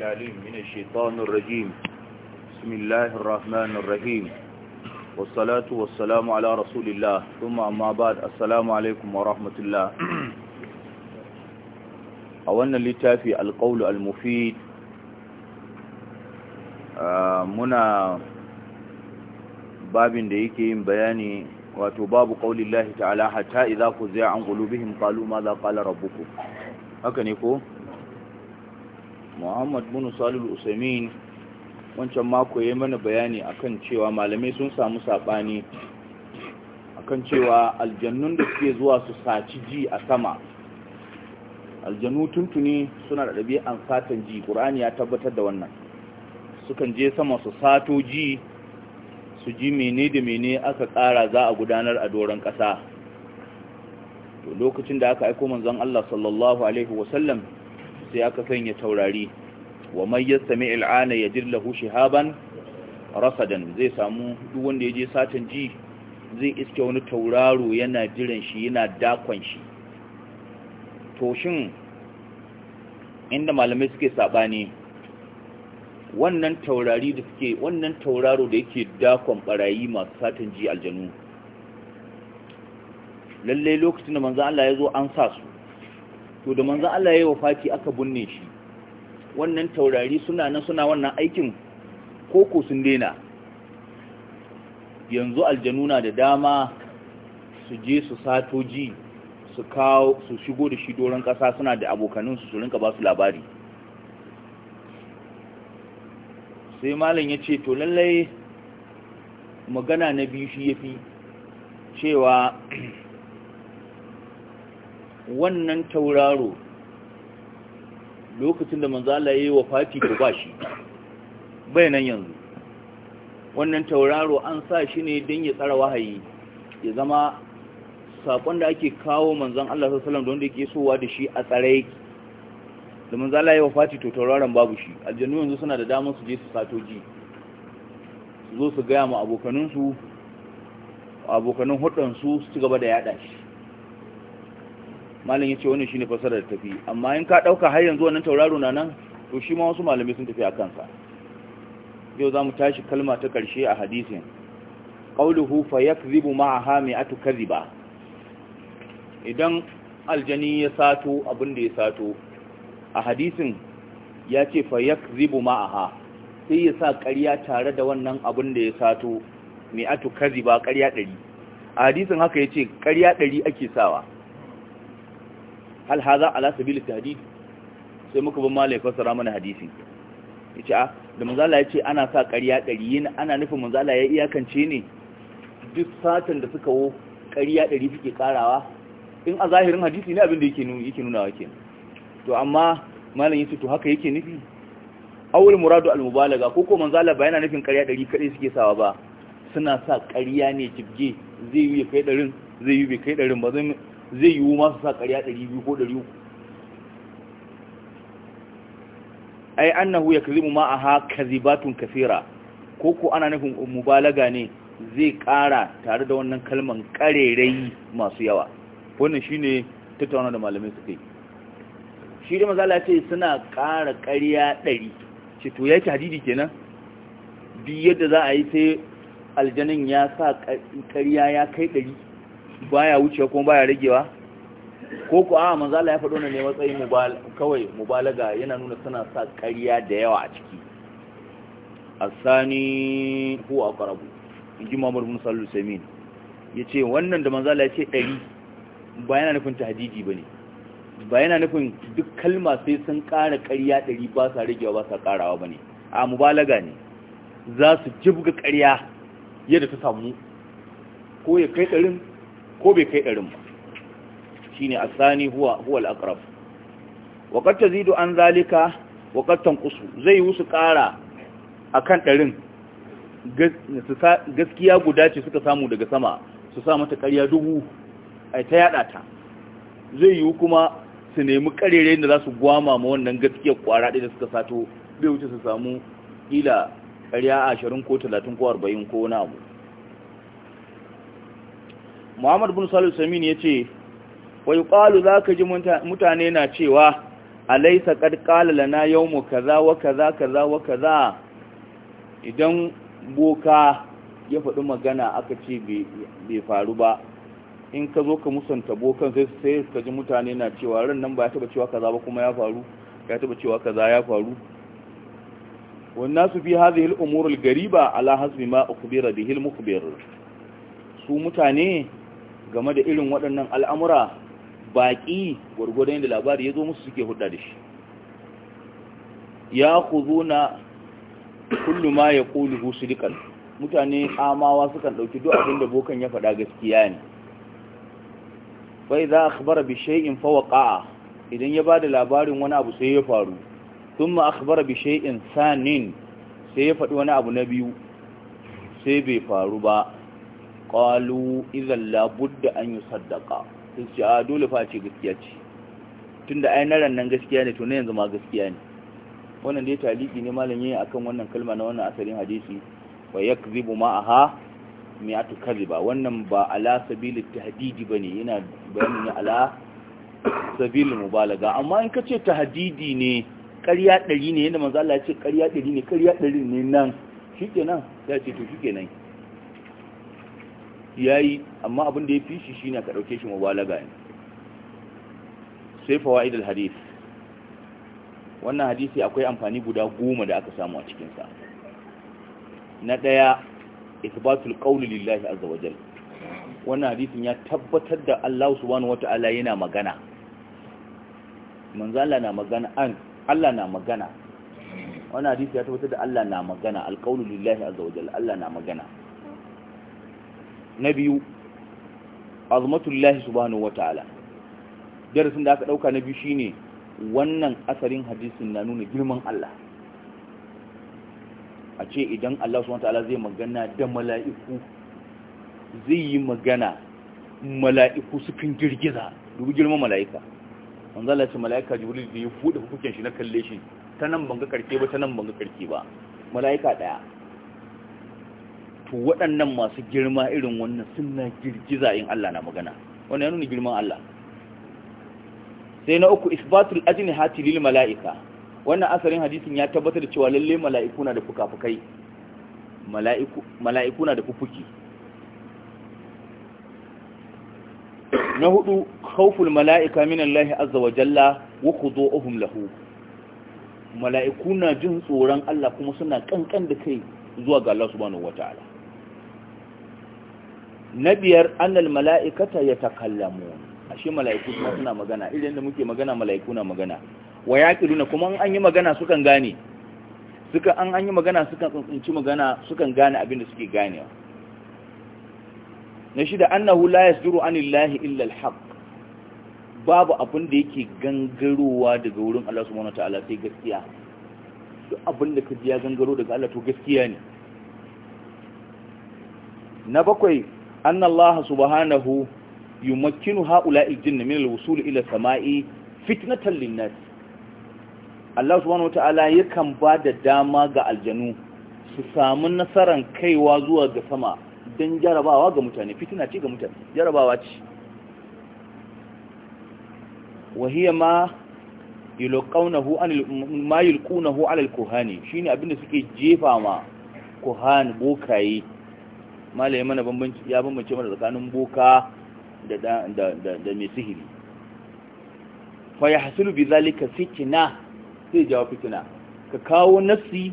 العليم من الشيطان الرجيم بسم الله الرحمن الرحيم والصلاة والسلام على رسول الله ثم أما بعد السلام عليكم ورحمة الله أولا لتافي القول المفيد منا باب ديكي بياني وتباب قول الله تعالى حتى إذا خزي عن قلوبهم قالوا ماذا قال ربكم هكذا نقول muhammad bin salul usamin wancan mako ya mana bayani akan cewa malamai sun samu saɓani akan cewa aljannun da suke zuwa su saci ji a sama aljanu tuntuni suna da ɗabi'an satan ji ƙur'ani ya tabbatar da wannan sukan je sama su sato ji su ji mene da mene aka ƙara za a gudanar a doron ƙasa to lokacin da aka aiko manzon Allah sallallahu alaihi wasallam sai aka sanya taurari wa mai il'ana ya jirla hushi haban rasadan zai samu duk wanda ya je satan ji zai iske wani tauraro yana jiran shi yana dakon shi to shin inda malamai suke sabani wannan taurari da suke wannan tauraro da yake dakon barayi masu satan ji aljanu lallai lokacin da manzo Allah ya zo an sa su to da manzo Allah ya yi wafati aka binne shi wannan taurari suna nan suna wannan aikin koko sun daina yanzu aljanu na da dama su je su sato ji su kawo su shigo da shi doron kasa suna da abokaninsu su rinka ba su labari sai malam ya ce to lallai magana na biyu shi ya fi cewa wannan tauraro lokacin da manzo Allah yayi wafati ko bashi bayanan yanzu wannan tauraro an sa shi ne don ya tsara wahayi ya zama sakon da ake kawo manzon Allah sallallahu alaihi wasallam don da yake sowa da shi a tsare yake da manzo Allah yayi Fati to tauraron babu shi aljannu yanzu suna da damar su je su sato ji su zo su ga mu abokanansu abokanin hudansu su ci gaba da yada shi malam wani shi ne fasara da tafi amma in ka dauka har yanzu wannan tauraro na nan to shi ma wasu malami sun tafi a kansa. yau za mu tashi kalma ta karshe a hadisin qawluhu fa yakdhibu ma'aha mi'atu kadhiba idan aljani ya sato abin da ya sato a hadisin ya ce fa yakdhibu ma'aha sai ya sa ƙarya tare da wannan abin da ya sato mi'atu kadhiba ƙarya ɗari a hadisin haka ce, ƙarya ɗari ake sawa hal haza ala sabili tahdid sai muka bin malai fassara mana hadisi yace a ah, da manzala yace ana sa ƙarya ƙari yin ana nufin manzala ya iyakance ne duk satan da suka wo ƙarya ɗari suke ƙarawa in a zahirin hadisi ne abin da yake nuna yake nuna wake to amma malam yace to haka yake nufi awul muradu al mubalaga ko ko manzala ba yana nufin ƙarya ɗari kadai suke sawa ba suna sa ƙarya ne jibge zai yi kai ɗarin zai yi bai kai ɗarin ba zai zai yiwu masu sa ƙarya 200 ko 300 ai annahu yakzibu ma aha kazibatun kaseera ko ko ana nufin mubalaga ne zai ƙara tare da wannan kalman ƙarerayi masu yawa wannan shi ne tattaunar da malamai suke. yi shi da mazala ce suna ƙara ƙarya ɗari ce to ya yi hadidi kenan biyu yadda za a yi sai aljanin ya sa ƙarya ya kai ɗari baya wucewa kuma baya ragewa ko ku a manzo Allah ya faɗo ne matsayin kawai mubalaga yana nuna suna sa ƙarya da yawa a ciki asani huwa aqrabu inji Muhammad bin Sallu Samin yace wannan da manzo Allah ya ce ɗari ba yana nufin tahdidi bane ba yana nufin duk kalma sai sun ƙara ƙarya ɗari ba sa ragewa ba sa ƙarawa bane a mubalaga ne za su jibga ƙarya yadda ta samu ko ya kai ɗarin ko bai kai ɗarin ba shi ne a tsani huwa al-aqrab wa qad an zalika wa qad zai zai wusu ƙara kan ɗarin gaskiya guda ce suka samu daga sama su sa mata ƙarya dubu ai ta yaɗa ta zai yi kuma su nemi ƙarere da za su gwama ma wannan gaskiyar ƙwara ɗaya da suka sato bai wuce su samu ƙila ƙarya ashirin ko talatin ko arba'in ko wani abu muhammad bin Salih samin ya ce wa yi ƙalu za ka ji mutane na cewa alaisa ƙarƙala na yau mu kaza wa kaza kaza wa kaza idan boka ya faɗi magana aka ce bai faru ba in ka zo ka musanta bokan sai sai ka ji mutane na cewa ran nan ba ya taɓa cewa kaza ba kuma ya faru ya taɓa cewa kaza ya faru والناس في هذه الأمور القريبة على حسب ما أخبر به المخبر su mutane game da irin waɗannan al'amura baƙi gwargwadon da labari ya zo musu suke hudda da shi ya kuzo na kullum ma ya ƙoli husulikan mutane amawa sukan ɗauki duk abin da bokan ya faɗa gaskiya ne bai za a kabara fawa ƙa'a idan ya ba da labarin wani abu sai ya faru sun ma a bishe in sanin sai ya faɗi wani abu na biyu sai bai faru ba qalu idhan la budda an yusaddaqa sun ce a ah, dole fa ce gaskiya ce tunda ai na ran nan gaskiya ne to ne yanzu ma gaskiya ne wannan dai taliki ne malami akan wannan kalma na wannan asalin hadisi wa yakzibu ma'aha mi'atu ba wannan ba ala sabilit tahdidi bane yana bayani ne ala sabilin mubalaga amma in kace tahdidi ne ƙarya ɗari ne yadda manzo Allah ya ce ƙarya ɗari ne ƙarya ɗari ne nan shikenan sai ce to shikenan ya yi amma abin da ya fi shi shine ka dauke shi mubalaga ne sai fawaid al-hadith wannan hadisi akwai amfani guda goma da aka samu a cikinsa na ɗaya isbatul qawli lillahi azza wa jalla wannan hadisin ya tabbatar da Allah subhanahu wata'ala yana magana manzo Allah na magana an Allah na magana wannan hadisi ya tabbatar da Allah na magana alqawlu lillahi azza wa jalla Allah na magana na biyu azmatullahi subhanahu wataala darasin da aka dauka na biyu shine wannan asarin hadisin na nuna girman Allah a ce idan Allah subhanahu wataala zai magana da mala'iku zai yi magana mala'iku sukan girgiza dubi girman mala'ika manzo Allah ya ce mala'ika jibril da ya fuda hukuncin shi na kalle shi ta nan banga karke ba ta nan banga karke ba mala'ika daya to waɗannan masu girma irin wannan suna girgiza in Allah na magana wannan ya nuna girman Allah sai na uku isbatul ajini hati lil mala'ika wannan asalin hadisin ya tabbatar da cewa lalle mala'iku na da fukafukai mala'iku na da fufuki na hudu khawful mala'ika min Allah azza wa jalla wa khudu'uhum lahu mala'iku na jin tsoron Allah kuma suna kankan da kai zuwa ga Allah subhanahu wataala na biyar annal mala'ikata ya takallamu a shi mala'iku suna magana idan da muke magana mala'iku na magana wa ya ƙiruna kuma an yi magana sukan gane suka an an yi magana sukan tsuntsunci magana sukan gane abin da suke ganewa na shida annahu la yasduru anillahi illa alhaq babu abin da yake gangarowa daga wurin Allah subhanahu wataala sai gaskiya duk abin da kaji ya gangaro daga Allah to gaskiya ne na bakwai أن الله سبحانه يمكن هؤلاء الجن من الوصول إلى السماء فتنة للناس Allah subhanahu wata'ala yakan ba da dama ga aljanu su samu nasaran kaiwa zuwa ga sama don jarabawa ga mutane fitina ce ga mutane jarabawa ce wahiyar ma yulqawnahu an ma yulqunahu kuhani shine abinda suke jefa ma kuhan bokaye malaye mana bambanci ya bambance mana tsakanin boka da da da da mai sihiri fa yahsulu bi zalika fitna sai jawo fitna ka kawo nafsi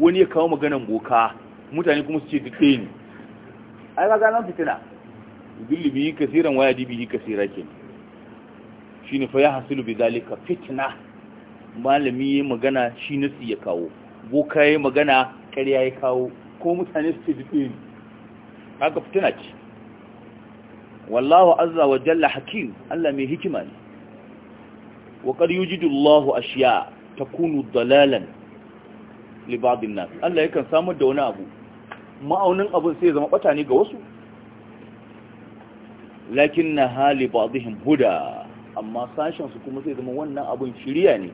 wani ya kawo maganan boka mutane kuma su ce duk dai ne ai ka ga nan fitina billi bi kasiran waya di bi kasira ke shine fa ya hasilu bi zalika fitna malami yayin magana shi nafsi ya kawo boka yayin magana ƙarya ya kawo ko mutane su ce duk dai ne haka fitina ce wallahu azza wa jalla hakim Allah mai hikima ne wa qad yujidu Allahu ashiya takunu dalalan li ba'd an-nas Allah yakan samar da wani abu ma'aunin abun sai zama bata ne ga wasu lakinna hali ba'dihim huda amma sashen su kuma sai zama wannan abun shiriya ne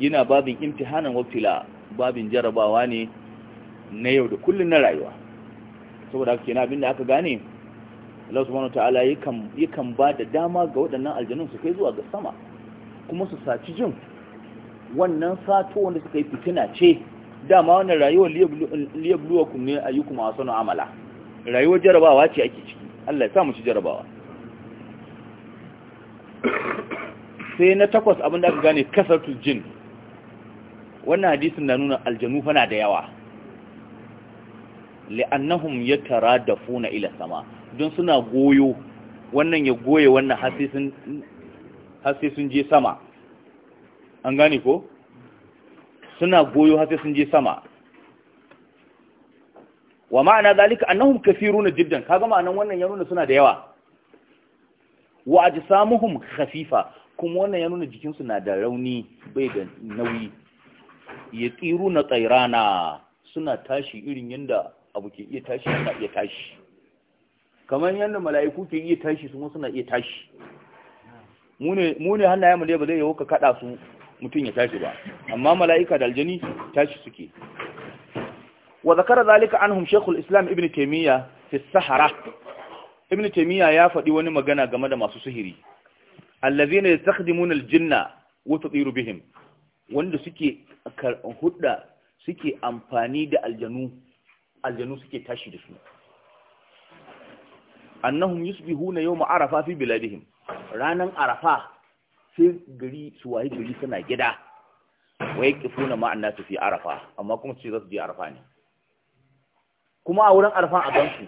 yana babin imtihanan wabtila babin jarabawa ne na yau da kullun na rayuwa saboda haka kenan abinda aka gane Allah subhanahu wataala yakan yakan ba da dama ga waɗannan aljanun su kai zuwa ga sama kuma su saci jin wannan sato wanda suka yi fitina ce dama wannan rayuwar liyabluwakum ne ayyukum asanu amala rayuwar jarabawa ce ake ciki Allah ya sa mu ci jarabawa sai na takwas abin da aka gane kasartul jin wannan hadisin na nuna aljanu fana da yawa li'annahum yataradafuna ila sama don suna goyo wannan ya goye wannan hasi sun je sama an gane ko suna goyo hasi sun je sama wa ma'ana zalika annahum kathiruna jiddan kaga ma'anan wannan ya nuna suna da yawa wa ajsamuhum khafifa kuma wannan ya nuna jikinsu na da rauni bai da nauyi ya tsiru na tsairana suna tashi irin yadda abu ke iya tashi ana iya tashi kamar yadda mala'iku ke iya tashi su suna iya tashi mu ne hannayen mu dai ba zai yawo ka kada su mutum ya tashi ba amma mala'ika da aljani tashi suke wa zakara zalika anhum shaykhul islam ibn taymiya fi sahara ibn taymiya ya faɗi wani magana game da masu sihiri allazina yastakhdimuna aljinna wa tsiru bihim wanda suke hudda suke amfani da aljanu aljanu suke tashi da su annahum yusbihuna yawma arafa fi biladihim ranan arafa sai gari su waye gari suna gida wai kifuna ma annasu fi arafa amma kuma ce za su je arafa ne kuma a wurin arafa a gansu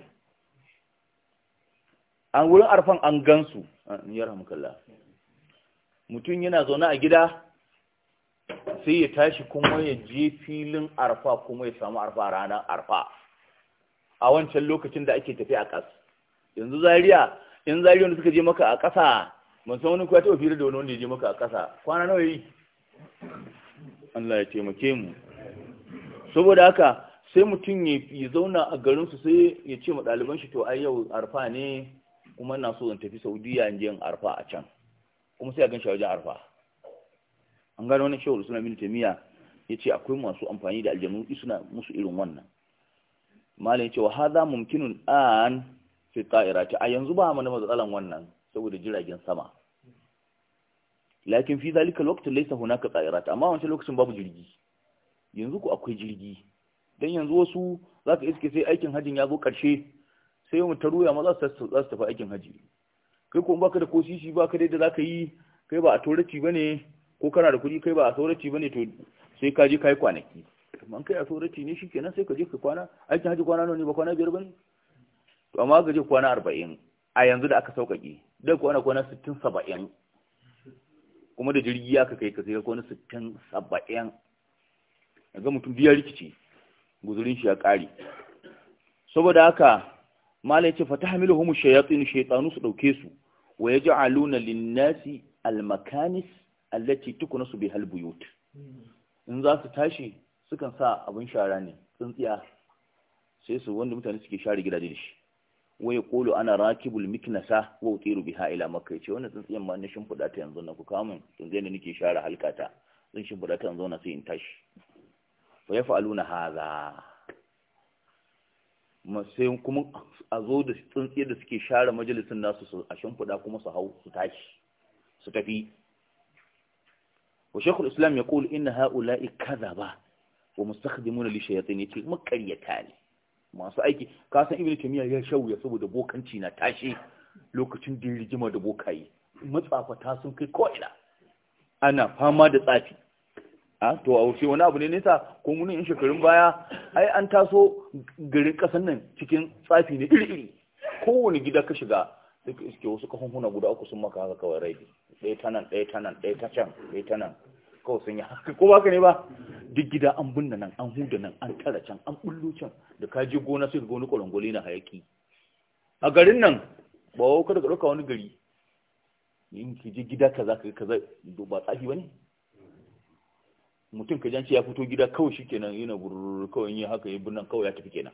a wurin arafa an gansu yarhamukallah mutum yana zaune a gida sai ya tashi kuma ya je filin arfa kuma ya samu arfa ranar arfa a wancan lokacin da ake tafi a ƙas yanzu zaria in zariya wanda suka je maka a ƙasa ban san wani kuwa ta ofira da wani wanda ya je maka a ƙasa kwana nawa yi Allah ya taimake mu saboda haka sai mutum ya zauna a garinsu sai ya ce ma ɗaliban shi to ai yau arfa ne kuma na so in tafi saudiya in je in arfa a can kuma sai a gan shi a wajen arfa an gano wani shawar suna mini taimiyya ya ce akwai masu amfani da aljanu suna musu irin wannan malin cewa haza mumkinun an fi ta'irati a yanzu ba mu da matsalan wannan saboda jiragen sama lakin fi zalika lokacin laysa hunaka ta'irati amma wancan lokacin babu jirgi yanzu ku akwai jirgi dan yanzu wasu zaka iske sai aikin hajin ya zo karshe sai mu taruya ma maza su za su tafi aikin hajji kai ko baka da kosisi baka da zaka yi kai ba a ba bane ko kana da kuɗi kai ba a sauraci bane to sai ka je kai kwanaki an kai authority ne shikenan sai ka je ka kwana aikin haji kwana nuni ba kwana biyar ba ne. to amma ga je kwana arba'in a yanzu da aka sauƙaƙe dai kwana kwana sittin saba'in kuma da jirgi ya ka kai ka sai kwana sittin saba'in a ga mutum biya rikici guzurin shi ya ƙari saboda haka malai ce fata hamiluhum shayatin shaitanu su dauke su wa ya ji lin linnasi al-makanis allati tuknasu bihal halbuyot in za su tashi sukan sa abin shara ne tsintsiya sai su wanda mutane suke share gidaje da shi wai kolo ana rakibul miknasa wa utiru biha ila makka ce wannan tsintsiyan ma na fuda ta yanzu na ku kawo min zai da nake share halkata zan fuda ta yanzu na sai in tashi wa yaf'aluna hadha sai kuma a zo da tsintsiyar da suke share majalisin nasu a fuda kuma su hau su tashi su tafi wa shaykhul islam yaqul inna ha'ula'i kadhaba wa mustakhdimuna li shayatin yace makaryata ne masu aiki ka san ibnu taymiya ya shauya saboda bokanci na tashi lokacin da rigima da Matsafa matsafata sun kai ko ina ana fama da tsafi a to a wuce wani abu ne nesa ko mun in shekarun baya ai an taso garin kasan nan cikin tsafi ne iri-iri kowane gida ka shiga iske wasu kafin guda uku sun maka haka kawai rai ɗaya ta nan ɗaya ta nan ɗaya ta can ɗaya ta nan kawai sun yi haka ko ba ka ne ba duk gida an binne nan an huda nan an tara can an bullo can da ka je gona sai ka gona wani na hayaki a garin nan ba wa kada ka ɗauka wani gari in ki je gida kaza ka kaza ba tsafi bane mutum ka janci ya fito gida kawai kenan yana bururu kawai yi haka yi birnin kawai ya tafi kenan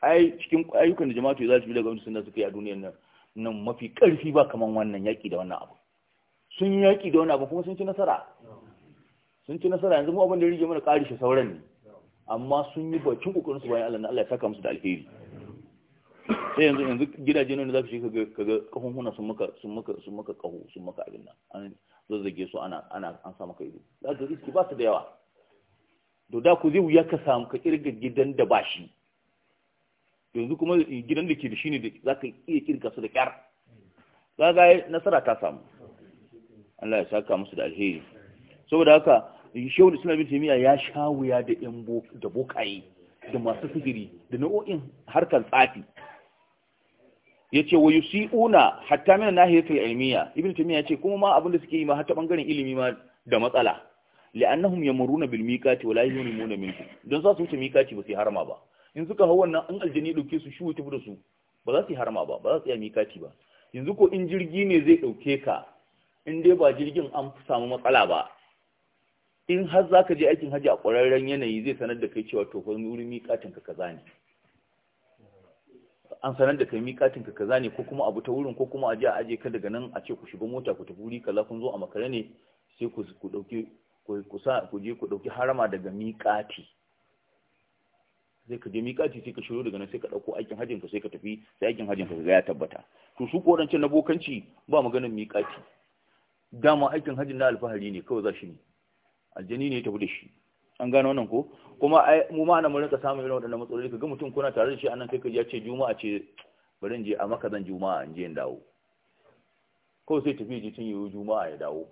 ai cikin ayyukan da jama'a za su bi daga wani suna suka yi a duniyar nan nan mafi karfi ba kaman wannan yaƙi da wannan abu sun yaƙi da wannan abu kuma sun ci nasara sun ci nasara yanzu mu abin da rige mana ƙari shi sauran ne amma sun yi bakin kokarin su bayan Allah na Allah ya saka musu da alheri sai yanzu yanzu gidaje ne da zaka shi kaga kahunhuna sun maka sun maka sun maka sun maka abin nan an zazzage su ana ana an sa maka ido zaka iski ba su da yawa to da ku zai wuya ka samu ka kirga gidan da ba shi yanzu kuma gidan da ke da shi ne zaka iya kirga su da kyar kaga nasara ta samu Allah ya saka musu da alheri saboda haka shehul islam bin taymiya ya sha wuya da yan da bokaye da masu sihiri da nau'o'in harkar tsafi ya ce wa yusiuna hatta min nahiyatul ilmiya ibn taymiya ce kuma ma abinda suke yi ma hatta bangaren ilimi ma da matsala li'annahum yamuruna bil miqati wa la yulimuna minhu don za su wuce miqati ba su harama ba in suka hau wannan an aljani dauke su shi wuce da su ba za su yi harama ba ba za su iya miqati ba yanzu ko in jirgi ne zai dauke ka in dai ba jirgin an samu matsala ba in har za ka je aikin hajji a ƙwararren yanayi zai sanar da kai cewa to fa wurin miƙatinka kaza ne an sanar da kai miƙatinka kaza ne ko kuma abu ta wurin ko kuma a je a aje ka daga nan a ce ku shiga mota ku tafi wuri kaza kun zo a makare ne sai ku ku dauki ku sa ku je ku dauki harama daga miƙati zai ka je miƙati sai ka shiro daga nan sai ka ɗauko aikin hajjin ka sai ka tafi sai aikin hajjin ka ya tabbata to su korancin na bokanci ba maganar miƙati dama aikin hajjin na alfahari ne kawai za shi ne aljani ne ya tafi da shi an gano wannan ko kuma mu ma ana murinka samun irin waɗannan matsaloli ka ga mutum kuna tare da shi anan kai ka ya ce juma'a ce bari je a maka zan juma'a in je in dawo ko sai tafi ji tun yiwu juma'a ya dawo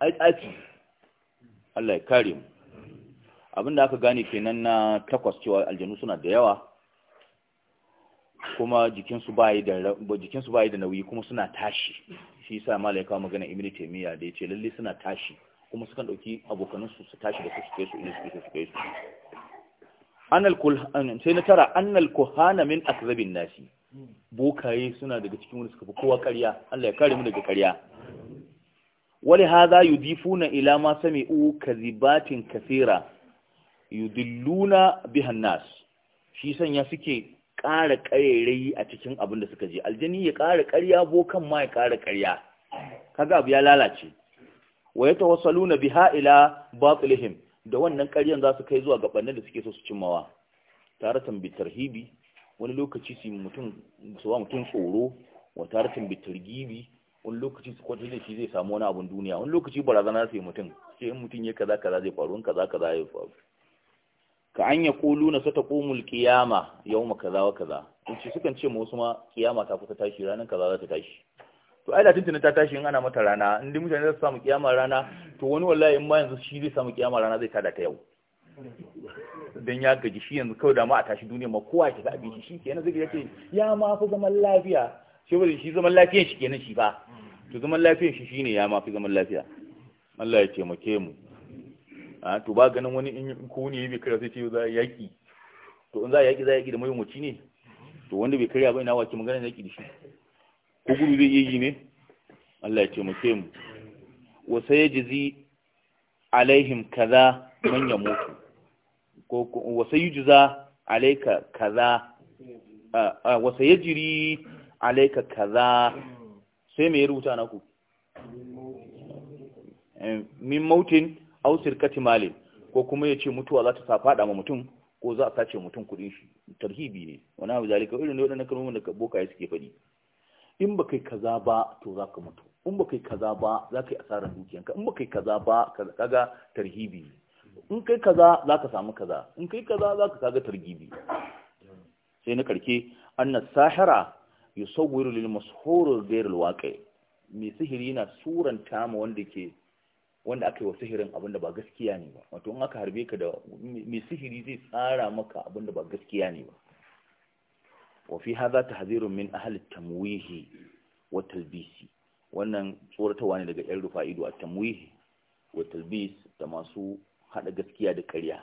ai tsaki Allah ya kare mu abinda aka gane kenan na takwas cewa aljanu suna da yawa kuma jikinsu bai da su bai da nauyi kuma suna tashi shi yasa malai magana ibnu taymiya da yace lalle suna tashi kuma sukan ɗauki abokaninsu su tashi da su suke su inda suke su suke su sai na tara annal kuhana min akzabin nasi bokaye suna daga cikin wani suka fi kowa ƙarya Allah ya kare mu daga ƙarya wali hadha yudifuna ila ma sami'u kazibatin kaseera yudilluna biha nas shi sanya suke ƙara ƙarairayi a cikin abin da suka je aljani ya ƙara ƙarya bokan ma ya ƙara ƙarya kaga abu ya lalace wa yatawassaluna biha ila batilihim da wannan ƙaryan za su kai zuwa gabanin da suke so su cimmawa taratan Hibi, wani lokaci su mutum su wa mutum tsoro wa taratan bitargibi wani lokaci su kwata da shi zai samu wani abun duniya wani lokaci barazana sai mutum sai in mutum ya kaza kaza zai faru in kaza kaza ya faru ka an ya kulu na sata komul kiyama yau ma kaza wa kaza in sukan ce ma wasu ma kiyama ta kusa tashi ranar kaza za ta tashi to ai da tuntunin ta tashi in ana mata rana in dai mutane za su samu kiyama rana to wani wallahi in ma yanzu shi zai samu kiyama rana zai tada ta yau dan ya gaji shi yanzu kawai da ma a tashi duniya ma kowa ya tafi abin shi kenan zai ce ya ma fi zaman lafiya shi bari shi zaman lafiyar shi kenan shi ba to zaman lafiyar shi shine ya ma fi zaman lafiya Allah ya taimake mu a to ba ganin wani in ko ne bai kira sai ce za yaki to in za yaki za yaki da mai ne to wanda bai kira ba ina wace magana yaki da shi ko gudu zai iya yi ne Allah ya ce mu sai mu jizi sayajzi alaihim kaza manyan yamutu ko wa sayujza alaika kaza wa sayajri alayka kaza sai mai rubuta na ku eh, min mautin ausir katimale ko kuma ya ce mutuwa za ta sa fada ma mutum ko za a sace mutum kudin shi tarhibi ne wani abu zalika irin da waɗanda kalmomin da ya suke faɗi in ba kai kaza ba to za ka mutu in ba kai kaza ba za ka yi asarar dukiyanka in ba kai kaza ba kaga tarhibi in kai kaza za ka samu kaza in kai kaza za ka kaga tarhibi. sai na karke annas sahira yusawwiru lil mashhur ghayr al mai sihiri na suranta ma wanda ke wanda aka yi wa sihirin abinda ba gaskiya ne ba wato in aka harbe ka da mai sihiri zai tsara maka abinda ba gaskiya ne ba wafi haza ta hazirun min ahal tamwihi wa talbisi wannan tsoratawa ne daga yan rufa ido a tamwihi wa talbis da masu haɗa gaskiya da ƙarya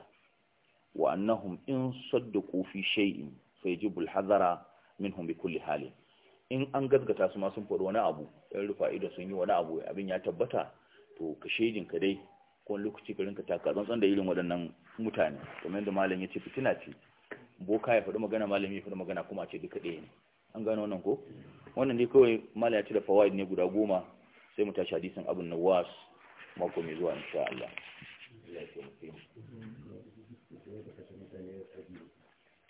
wa annahum in saddaku fi shay'in fayajibu al minhum bi kulli halin in an gaskata su ma sun faɗi wani abu yan rufa ido sun yi wani abu abin ya tabbata to ka shejin ka dai ko lokaci ka rinka taka tsantsan da irin waɗannan mutane kamar da malam ya ce fitina ce boka ya faɗi magana malami ya faɗi magana kuma ce duka ɗaya ne an gano wannan ko wannan ne kawai mala ya ci da fawaid ne guda goma sai mu tashi hadisin abun was mako mai zuwa insha Allah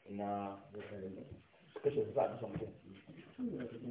na kashe su za a